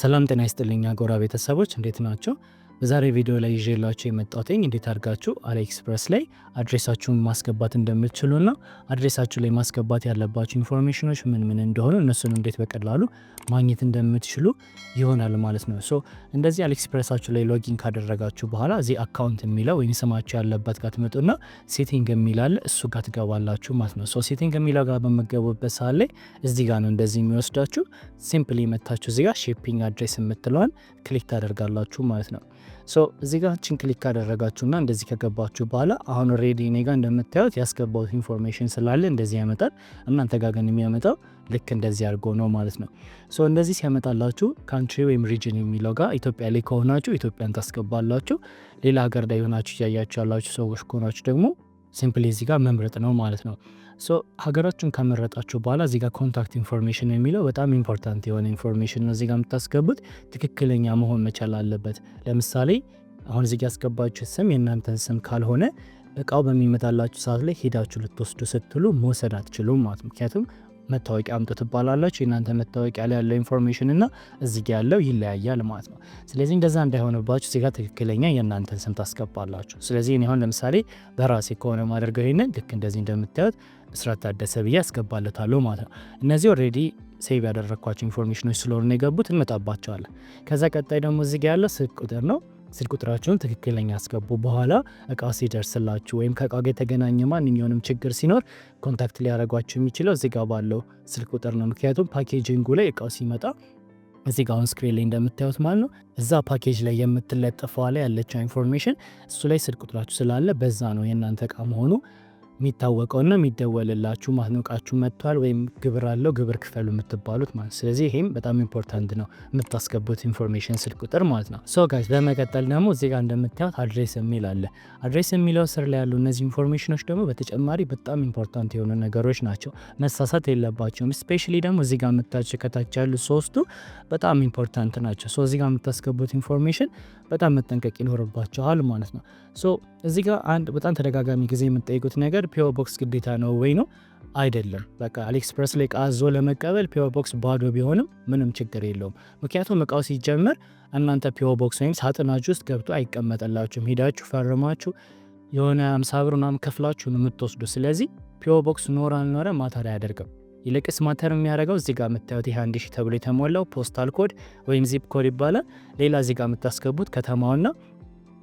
ሰላም ጤና ይስጥልኛ ጎራ ቤተሰቦች እንዴት ናቸው? በዛሬ ቪዲዮ ላይ ይዤላችሁ የመጣሁትኝ እንዴት አድርጋችሁ አሊኤክስፕረስ ላይ አድሬሳችሁን ማስገባት እንደምትችሉና አድሬሳችሁ ላይ ማስገባት ያለባችሁ ኢንፎርሜሽኖች ምን ምን እንደሆኑ እነሱን እንዴት በቀላሉ ማግኘት እንደምትችሉ ይሆናል ማለት ነው። ሶ እንደዚህ አሊኤክስፕረሳችሁ ላይ ሎጊን ካደረጋችሁ በኋላ እዚህ አካውንት የሚለው ወይም ስማችሁ ያለበት ጋር ትመጡና ሴቲንግ የሚላለ እሱ ጋር ትገባላችሁ ማለት ነው። ሶ ሴቲንግ የሚለው ጋር በመገቡበት ሰዓት ላይ እዚህ ጋር ነው እንደዚህ የሚወስዳችሁ። ሲምፕሊ መታችሁ እዚህ ጋር ሼፒንግ አድሬስ የምትለዋን ክሊክ ታደርጋላችሁ ማለት ነው። እዚህ ጋር ችን ክሊክ ካደረጋችሁና እንደዚህ ከገባችሁ በኋላ አሁን ሬዲ እኔ ጋር እንደምታዩት ያስገባሁት ኢንፎርሜሽን ስላለ እንደዚህ ያመጣል። እናንተ ጋር ግን የሚያመጣው ልክ እንደዚህ አድርጎ ነው ማለት ነው። እንደዚህ ሲያመጣላችሁ ካንትሪ ወይም ሪጅን የሚለው ጋር ኢትዮጵያ ላይ ከሆናችሁ ኢትዮጵያን ታስገባላችሁ። ሌላ ሀገር ላይ የሆናችሁ እያያችሁ ያላችሁ ሰዎች ከሆናችሁ ደግሞ ሲምፕሊ እዚህ ጋር መምረጥ ነው ማለት ነው። ሶ ሀገራችሁን ከመረጣችሁ በኋላ እዚህ ጋር ኮንታክት ኢንፎርሜሽን የሚለው በጣም ኢምፖርታንት የሆነ ኢንፎርሜሽን ነው። እዚጋ ጋር የምታስገቡት ትክክለኛ መሆን መቻል አለበት። ለምሳሌ አሁን እዚጋ ያስገባችሁ ስም የእናንተን ስም ካልሆነ እቃው በሚመጣላችሁ ሰዓት ላይ ሄዳችሁ ልትወስዱ ስትሉ መውሰድ አትችሉም ማለት ምክንያቱም መታወቂያ አምጡ ትባላላችሁ። የእናንተ መታወቂያ ላይ ያለው ኢንፎርሜሽን እና እዚህ ጋ ያለው ይለያያል ማለት ነው። ስለዚህ እንደዛ እንዳይሆንባችሁ እዚህ ጋር ትክክለኛ የእናንተን ስም ታስገባላችሁ። ስለዚህ እኔ አሁን ለምሳሌ በራሴ ከሆነ ማደርገው ይሄንን ልክ እንደዚህ እንደምታዩት እስራት ታደሰ ብዬ ያስገባለታለሁ ማለት ነው። እነዚህ ኦልሬዲ ሴቭ ያደረግኳቸው ኢንፎርሜሽኖች ስለሆኑ የገቡት እንመጣባቸዋለን። ከዛ ቀጣይ ደግሞ እዚህ ጋ ያለው ስልክ ቁጥር ነው ስልክ ቁጥራቸውን ትክክለኛ ያስገቡ። በኋላ እቃ ሲደርስላችሁ ወይም ከእቃ ጋር የተገናኘ ማንኛውንም ችግር ሲኖር ኮንታክት ሊያደረጓቸው የሚችለው እዚህ ጋር ባለው ስልክ ቁጥር ነው። ምክንያቱም ፓኬጂንጉ ላይ እቃው ሲመጣ እዚህ ጋር አሁን ስክሪን ላይ እንደምታዩት ማለት ነው እዛ ፓኬጅ ላይ የምትለጠፈዋ ላይ ያለችው ኢንፎርሜሽን እሱ ላይ ስልክ ቁጥራችሁ ስላለ በዛ ነው የእናንተ እቃ መሆኑ የሚታወቀው የሚደወልላችሁ ማስነቃችሁ መጥቷል ወይም ግብር አለው ግብር ክፈሉ የምትባሉት ማለት ስለዚህ ይሄም በጣም ኢምፖርታንት ነው የምታስገቡት ኢንፎርሜሽን ስልክ ቁጥር ማለት ነው። ሶ ጋይስ በመቀጠል ደግሞ እዚህ ጋር እንደምታዩት አድሬስ የሚል አለ። አድሬስ የሚለው ስር ላይ ያሉ እነዚህ ኢንፎርሜሽኖች ደግሞ በተጨማሪ በጣም ኢምፖርታንት የሆኑ ነገሮች ናቸው። መሳሳት የለባቸውም። ስፔሻሊ ደግሞ እዚህ ጋር የምታቸው ከታች ያሉ ሶስቱ በጣም ኢምፖርታንት ናቸው። ሶ እዚህ ጋር የምታስገቡት ኢንፎርሜሽን በጣም መጠንቀቅ ይኖርባቸዋል ማለት ነው። ሶ እዚህ ጋር አንድ በጣም ተደጋጋሚ ጊዜ የምጠይቁት ነገር ፒዮ ቦክስ ግዴታ ነው ወይ ነው? አይደለም። በቃ አሊኤክስፕረስ ላይ አዞ ለመቀበል ፒዮ ቦክስ ባዶ ቢሆንም ምንም ችግር የለውም። ምክንያቱም እቃው ሲጀመር እናንተ ፒዮ ቦክስ ወይም ሳጥናችሁ ውስጥ ገብቶ አይቀመጠላችሁም። ሄዳችሁ ፈርማችሁ የሆነ አምሳ ብር ምናምን ከፍላችሁ ነው የምትወስዱ። ስለዚህ ፒዮ ቦክስ ኖር አልኖረ ማተር አያደርግም። ይልቅስ ማተር የሚያደርገው እዚጋ የምታዩት ይህ አንድ ሺህ ተብሎ የተሞላው ፖስታል ኮድ ወይም ዚፕ ኮድ ይባላል። ሌላ እዚጋ የምታስገቡት ከተማውና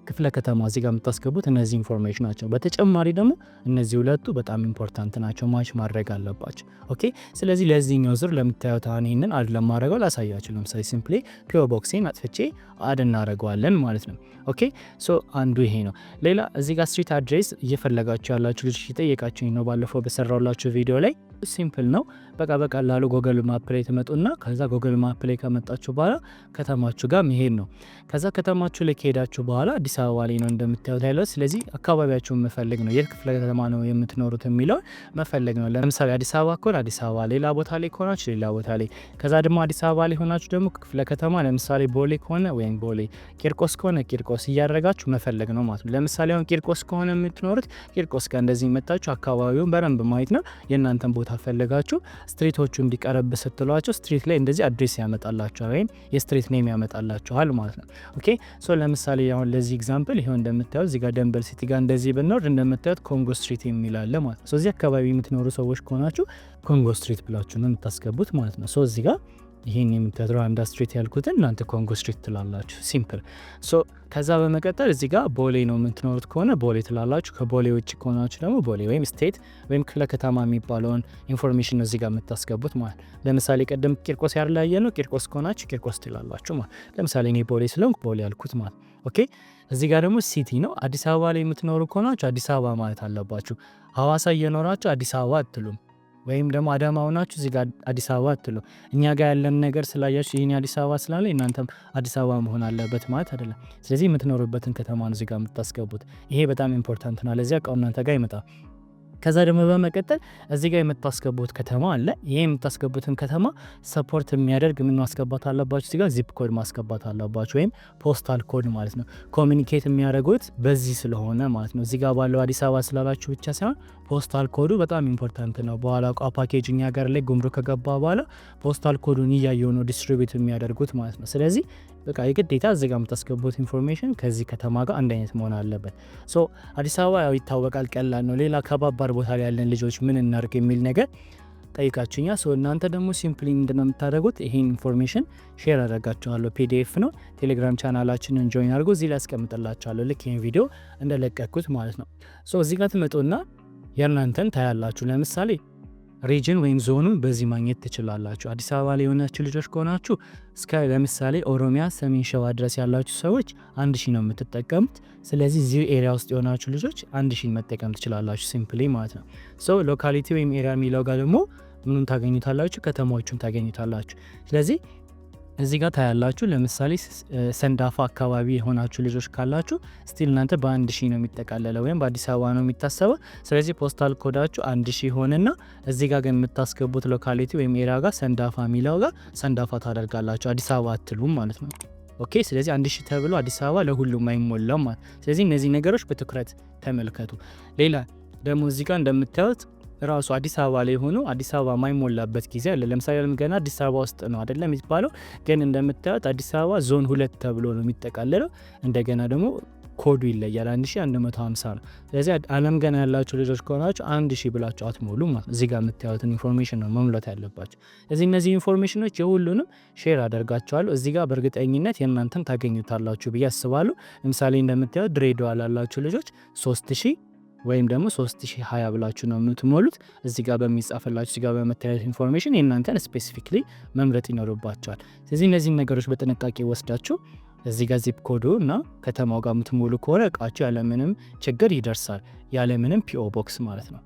ክፍለ ከተማ እዚህ ጋር የምታስገቡት እነዚህ ኢንፎርሜሽን ናቸው። በተጨማሪ ደግሞ እነዚህ ሁለቱ በጣም ኢምፖርታንት ናቸው፣ ማች ማድረግ አለባቸው። ኦኬ። ስለዚህ ለዚህኛው ዙር ለምታዩት አሁን ይህንን አድ ለማድረገው ላሳያችሁ። ለምሳሌ ሲምፕሊ ፒኦ አጥፍቼ አድ እናደረገዋለን ማለት ነው። ኦኬ። ሶ አንዱ ይሄ ነው። ሌላ እዚህ ጋር ስትሪት አድሬስ እየፈለጋችሁ ያላችሁ ልጅ ጠየቃችሁኝ ነው ባለፈው በሰራውላችሁ ቪዲዮ ላይ ሲምፕል ነው። በቃ በቀላሉ ጎግል ማፕ ላይ ትመጡና ከዛ ጎግል ማፕ ላይ ከመጣችሁ በኋላ ከተማችሁ ጋር መሄድ ነው። ከዛ ከተማችሁ ላይ ከሄዳችሁ በኋላ አዲስ አበባ ላይ ነው እንደምታዩት ያለ። ስለዚህ አካባቢያችሁን መፈለግ ነው። የት ክፍለ ከተማ ነው የምትኖሩት የሚለውን መፈለግ ነው። ለምሳሌ አዲስ አበባ ከሆነ አዲስ አበባ ሌላ ቦታ ላይ ከሆናችሁ ሌላ ቦታ ላይ፣ ከዛ ደግሞ አዲስ አበባ ላይ ሆናችሁ ደግሞ ክፍለ ከተማ ለምሳሌ ቦሌ ከሆነ ወይም ቦሌ፣ ቂርቆስ ከሆነ ቂርቆስ እያደረጋችሁ መፈለግ ነው ማለት ነው። ለምሳሌ አሁን ቂርቆስ ከሆነ የምትኖሩት ቂርቆስ ጋር እንደዚህ መታችሁ አካባቢውን በደንብ ማየት ነው የእናንተን ቦታ ቦታ ፈልጋችሁ ስትሪቶቹ እንዲቀረብ ስትሏቸው ስትሪት ላይ እንደዚህ አድሬስ ያመጣላችኋል ወይም የስትሪት ኔም ያመጣላችኋል ማለት ነው። ኦኬ ሶ ለምሳሌ አሁን ለዚህ ኤግዛምፕል ይሄው እንደምታዩት እዚጋ ደንበል ሲቲ ጋር እንደዚህ ብንወርድ እንደምታዩት ኮንጎ ስትሪት የሚላለ ማለት ነው። እዚህ አካባቢ የምትኖሩ ሰዎች ከሆናችሁ ኮንጎ ስትሪት ብላችሁ ነው የምታስገቡት ማለት ነው። ሶ እዚህ ጋር ይህን የምትፈጥረው አንዳ ስትሪት ያልኩትን እናንተ ኮንጎ ስትሪት ትላላችሁ። ሲምፕል። ሶ ከዛ በመቀጠል እዚህ ጋር ቦሌ ነው የምትኖሩት ከሆነ ቦሌ ትላላችሁ። ከቦሌ ውጭ ከሆናችሁ ደግሞ ቦሌ ወይም ስቴት ወይም ክፍለ ከተማ የሚባለውን ኢንፎርሜሽን ነው እዚህ ጋር የምታስገቡት ማለት። ለምሳሌ ቀደም ቂርቆስ ያለያየ ነው። ቂርቆስ ከሆናችሁ ቂርቆስ ትላላችሁ ማለት። ለምሳሌ እኔ ቦሌ ስለሆንኩ ቦሌ ያልኩት ማለት። ኦኬ። እዚህ ጋር ደግሞ ሲቲ ነው። አዲስ አበባ ላይ የምትኖሩ ከሆናችሁ አዲስ አበባ ማለት አለባችሁ። ሐዋሳ እየኖራችሁ አዲስ አበባ አትሉም። ወይም ደግሞ አዳማ ሆናችሁ እዚህ ጋር አዲስ አበባ አትሉ። እኛ ጋር ያለን ነገር ስላያችሁ ይህን አዲስ አበባ ስላለ እናንተም አዲስ አበባ መሆን አለበት ማለት አይደለም። ስለዚህ የምትኖሩበትን ከተማ ነው እዚህ ጋር የምታስገቡት። ይሄ በጣም ኢምፖርታንት ነው። ለዚያ እቃው እናንተ ጋር ይመጣ። ከዛ ደግሞ በመቀጠል እዚህ ጋር የምታስገቡት ከተማ አለ። ይሄ የምታስገቡትን ከተማ ሰፖርት የሚያደርግ ምን ማስገባት አለባችሁ? እዚህ ጋር ዚፕ ኮድ ማስገባት አለባችሁ፣ ወይም ፖስታል ኮድ ማለት ነው። ኮሚኒኬት የሚያደርጉት በዚህ ስለሆነ ማለት ነው። እዚህ ጋር ባለው አዲስ አበባ ስላላችሁ ብቻ ሳይሆን ፖስታል ኮዱ በጣም ኢምፖርታንት ነው። በኋላ እቃ ፓኬጅኝ ሀገር ላይ ጉምሩክ ከገባ በኋላ ፖስታል ኮዱን እያየው ነው ዲስትሪቢዩት የሚያደርጉት ማለት ነው። ስለዚህ በቃ የግዴታ እዚህ ጋር የምታስገቡት ኢንፎርሜሽን ከዚህ ከተማ ጋር አንድ አይነት መሆን አለበት። ሶ አዲስ አበባ ያው ይታወቃል፣ ቀላል ነው። ሌላ ከባባድ ቦታ ላይ ያለን ልጆች ምን እናርግ የሚል ነገር ጠይቃችሁኛ። ሶ እናንተ ደግሞ ሲምፕሊ ምንድነው የምታደርጉት? ይሄን ኢንፎርሜሽን ሼር አደርጋችኋለሁ። ፒዲኤፍ ነው። ቴሌግራም ቻናላችንን ጆይን አድርጎ እዚህ ላይ ያስቀምጥላችኋለሁ፣ ልክ ይህን ቪዲዮ እንደለቀኩት ማለት ነው። ሶ እዚህ ጋር ትመጡና የእናንተን ታያላችሁ። ለምሳሌ ሪጅን ወይም ዞኑን በዚህ ማግኘት ትችላላችሁ። አዲስ አበባ ላይ የሆናችሁ ልጆች ከሆናችሁ እስከ ለምሳሌ ኦሮሚያ ሰሜን ሸዋ ድረስ ያላችሁ ሰዎች አንድ ሺ ነው የምትጠቀሙት። ስለዚህ እዚህ ኤሪያ ውስጥ የሆናችሁ ልጆች አንድ ሺ መጠቀም ትችላላችሁ። ሲምፕሊ ማለት ነው። ሶ ሎካሊቲ ወይም ኤሪያ የሚለው ጋር ደግሞ ምኑን ታገኙታላችሁ? ከተማዎቹን ታገኙታላችሁ። ስለዚህ እዚህ ጋር ታያላችሁ። ለምሳሌ ሰንዳፋ አካባቢ የሆናችሁ ልጆች ካላችሁ ስቲል እናንተ በአንድ ሺህ ነው የሚጠቃለለ ወይም በአዲስ አበባ ነው የሚታሰበው። ስለዚህ ፖስታል ኮዳችሁ አንድ ሺህ ሆንና እዚህ ጋር ግን የምታስገቡት ሎካሊቲ ወይም ኤሪያ ጋር ሰንዳፋ የሚለው ጋር ሰንዳፋ ታደርጋላችሁ። አዲስ አበባ አትሉም ማለት ነው። ኦኬ ስለዚህ አንድ ሺህ ተብሎ አዲስ አበባ ለሁሉም አይሞላም ማለት። ስለዚህ እነዚህ ነገሮች በትኩረት ተመልከቱ። ሌላ ደግሞ እዚህ ጋር እንደምታዩት ራሱ አዲስ አበባ ላይ ሆኖ አዲስ አበባ የማይሞላበት ጊዜ አለ። ለምሳሌ ገና አዲስ አበባ ውስጥ ነው አይደለም የሚባለው፣ ግን እንደምታዩት አዲስ አበባ ዞን ሁለት ተብሎ ነው የሚጠቃለለው። እንደገና ደግሞ ኮዱ ይለያል 1150 ነው። ስለዚህ አለም ገና ያላችሁ ልጆች ከሆናችሁ አንድ ሺህ ብላችሁ አትሞሉ ማለት እዚህ ጋር የምታዩትን ኢንፎርሜሽን ነው መሙላት ያለባችሁ። እዚህ እነዚህ ኢንፎርሜሽኖች የሁሉንም ሼር አደርጋቸዋለሁ። እዚህ ጋር በእርግጠኝነት የእናንተን ታገኙታላችሁ ብዬ አስባለሁ። ለምሳሌ እንደምታዩት ድሬዳዋ ላላችሁ ልጆች 3000 ወይም ደግሞ 3020 ብላችሁ ነው የምትሞሉት። እዚ ጋር በሚጻፈላችሁ እዚህ ጋር በመታየት ኢንፎርሜሽን የእናንተን ስፔሲፊክሊ መምረጥ ይኖርባቸዋል። ስለዚህ እነዚህን ነገሮች በጥንቃቄ ወስዳችሁ እዚ ጋር ዚፕ ኮዱ እና ከተማው ጋር የምትሞሉ ከሆነ እቃችሁ ያለምንም ችግር ይደርሳል። ያለምንም ፒኦ ቦክስ ማለት ነው።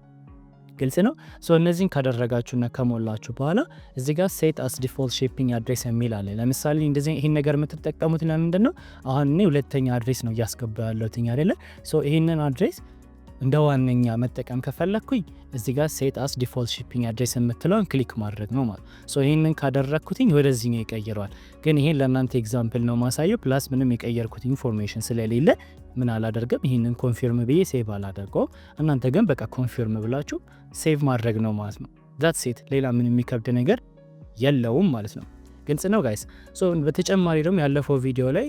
ግልጽ ነው። ሶ እነዚህን ካደረጋችሁና ከሞላችሁ በኋላ እዚ ጋር ሴት አስ ዲፎልት ሺፒንግ አድሬስ የሚል አለ። ለምሳሌ እንደዚህ ይህን ነገር የምትጠቀሙት ለምንድን ነው? አሁን እኔ ሁለተኛ አድሬስ ነው እያስገባ ያለሁት አይደለ? ሶ ይህንን አድሬስ እንደ ዋነኛ መጠቀም ከፈለግኩኝ እዚህ ጋር ሴት አስ ዲፎልት ሺፒንግ አድሬስ የምትለውን ክሊክ ማድረግ ነው ማለት ይህንን ካደረግኩትኝ ወደዚህ ነው ይቀይረዋል። ግን ይሄን ለእናንተ ኤግዛምፕል ነው ማሳየው። ፕላስ ምንም የቀየርኩት ኢንፎርሜሽን ስለሌለ ምን አላደርግም፣ ይህንን ኮንፊርም ብዬ ሴቭ አላደርገውም። እናንተ ግን በቃ ኮንፊርም ብላችሁ ሴቭ ማድረግ ነው ማለት ነው። ዛት ሴት ሌላ ምን የሚከብድ ነገር የለውም ማለት ነው። ግልጽ ነው ጋይስ። በተጨማሪ ደግሞ ያለፈው ቪዲዮ ላይ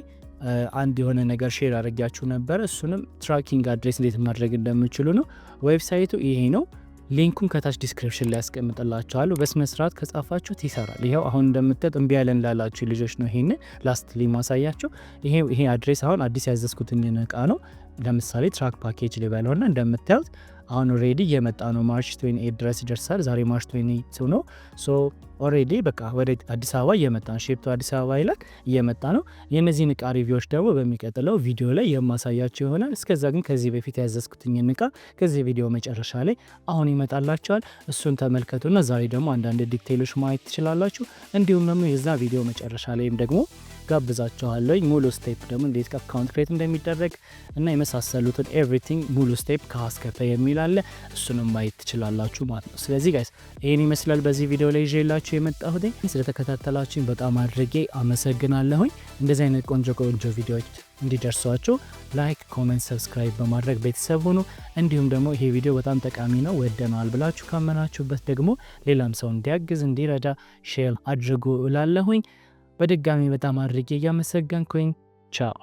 አንድ የሆነ ነገር ሼር አድርጊያችሁ ነበረ። እሱንም ትራኪንግ አድሬስ እንዴት ማድረግ እንደምችሉ ነው። ዌብሳይቱ ይሄ ነው። ሊንኩን ከታች ዲስክሪፕሽን ላይ ያስቀምጥላችኋለሁ። ስርዓት ከጻፋችሁት ይሰራል። ይኸው አሁን እንደምታዩት እምቢ ያለን ላላችሁ ልጆች ነው። ይሄን ላስት ላይ ማሳያችሁ ይሄ አድሬስ አሁን አዲስ ያዘዝኩትን እቃ ነው። ለምሳሌ ትራክ ፓኬጅ ሊበለው ና እንደምታዩት አሁን ኦልሬዲ እየመጣ ነው። ማርች 28 ድረስ ይደርሳል። ዛሬ ማርች 28 ነው ሶ ኦሬዲ በቃ ወደ አዲስ አበባ እየመጣ ነው። ሼፕቶ አዲስ አበባ ይላል እየመጣ ነው። የእነዚህን እቃ ሪቪዎች ደግሞ በሚቀጥለው ቪዲዮ ላይ የማሳያቸው ይሆናል። እስከዛ ግን ከዚህ በፊት ያዘዝኩትኝ እቃ ከዚህ ቪዲዮ መጨረሻ ላይ አሁን ይመጣላቸዋል። እሱን ተመልከቱና ዛሬ ደግሞ አንዳንድ ዲቴይሎች ማየት ትችላላችሁ። እንዲሁም ደግሞ የዛ ቪዲዮ መጨረሻ ላይም ደግሞ ጋብዛችኋለሁ ሙሉ ስቴፕ ደግሞ እንዴት አካውንት ክሬት እንደሚደረግ እና የመሳሰሉትን ኤቭሪቲንግ ሙሉ ስቴፕ ከአስከፈ የሚል አለ። እሱንም ማየት ትችላላችሁ ማለት ነው። ስለዚህ ጋይስ ይህን ይመስላል በዚህ ቪዲዮ ላይ ይዤላችሁ ይዤላችሁ የመጣሁትኝ። ስለተከታተላችሁኝ በጣም አድርጌ አመሰግናለሁኝ። እንደዚህ አይነት ቆንጆ ቆንጆ ቪዲዮዎች እንዲደርሷችሁ ላይክ፣ ኮሜንት፣ ሰብስክራይብ በማድረግ ቤተሰብ ሁኑ። እንዲሁም ደግሞ ይሄ ቪዲዮ በጣም ጠቃሚ ነው ወደነዋል ብላችሁ ካመናችሁበት ደግሞ ሌላም ሰው እንዲያግዝ እንዲረዳ ሼር አድርጉ እላለሁኝ። በድጋሚ በጣም አድርጌ እያመሰገንኩኝ ቻው።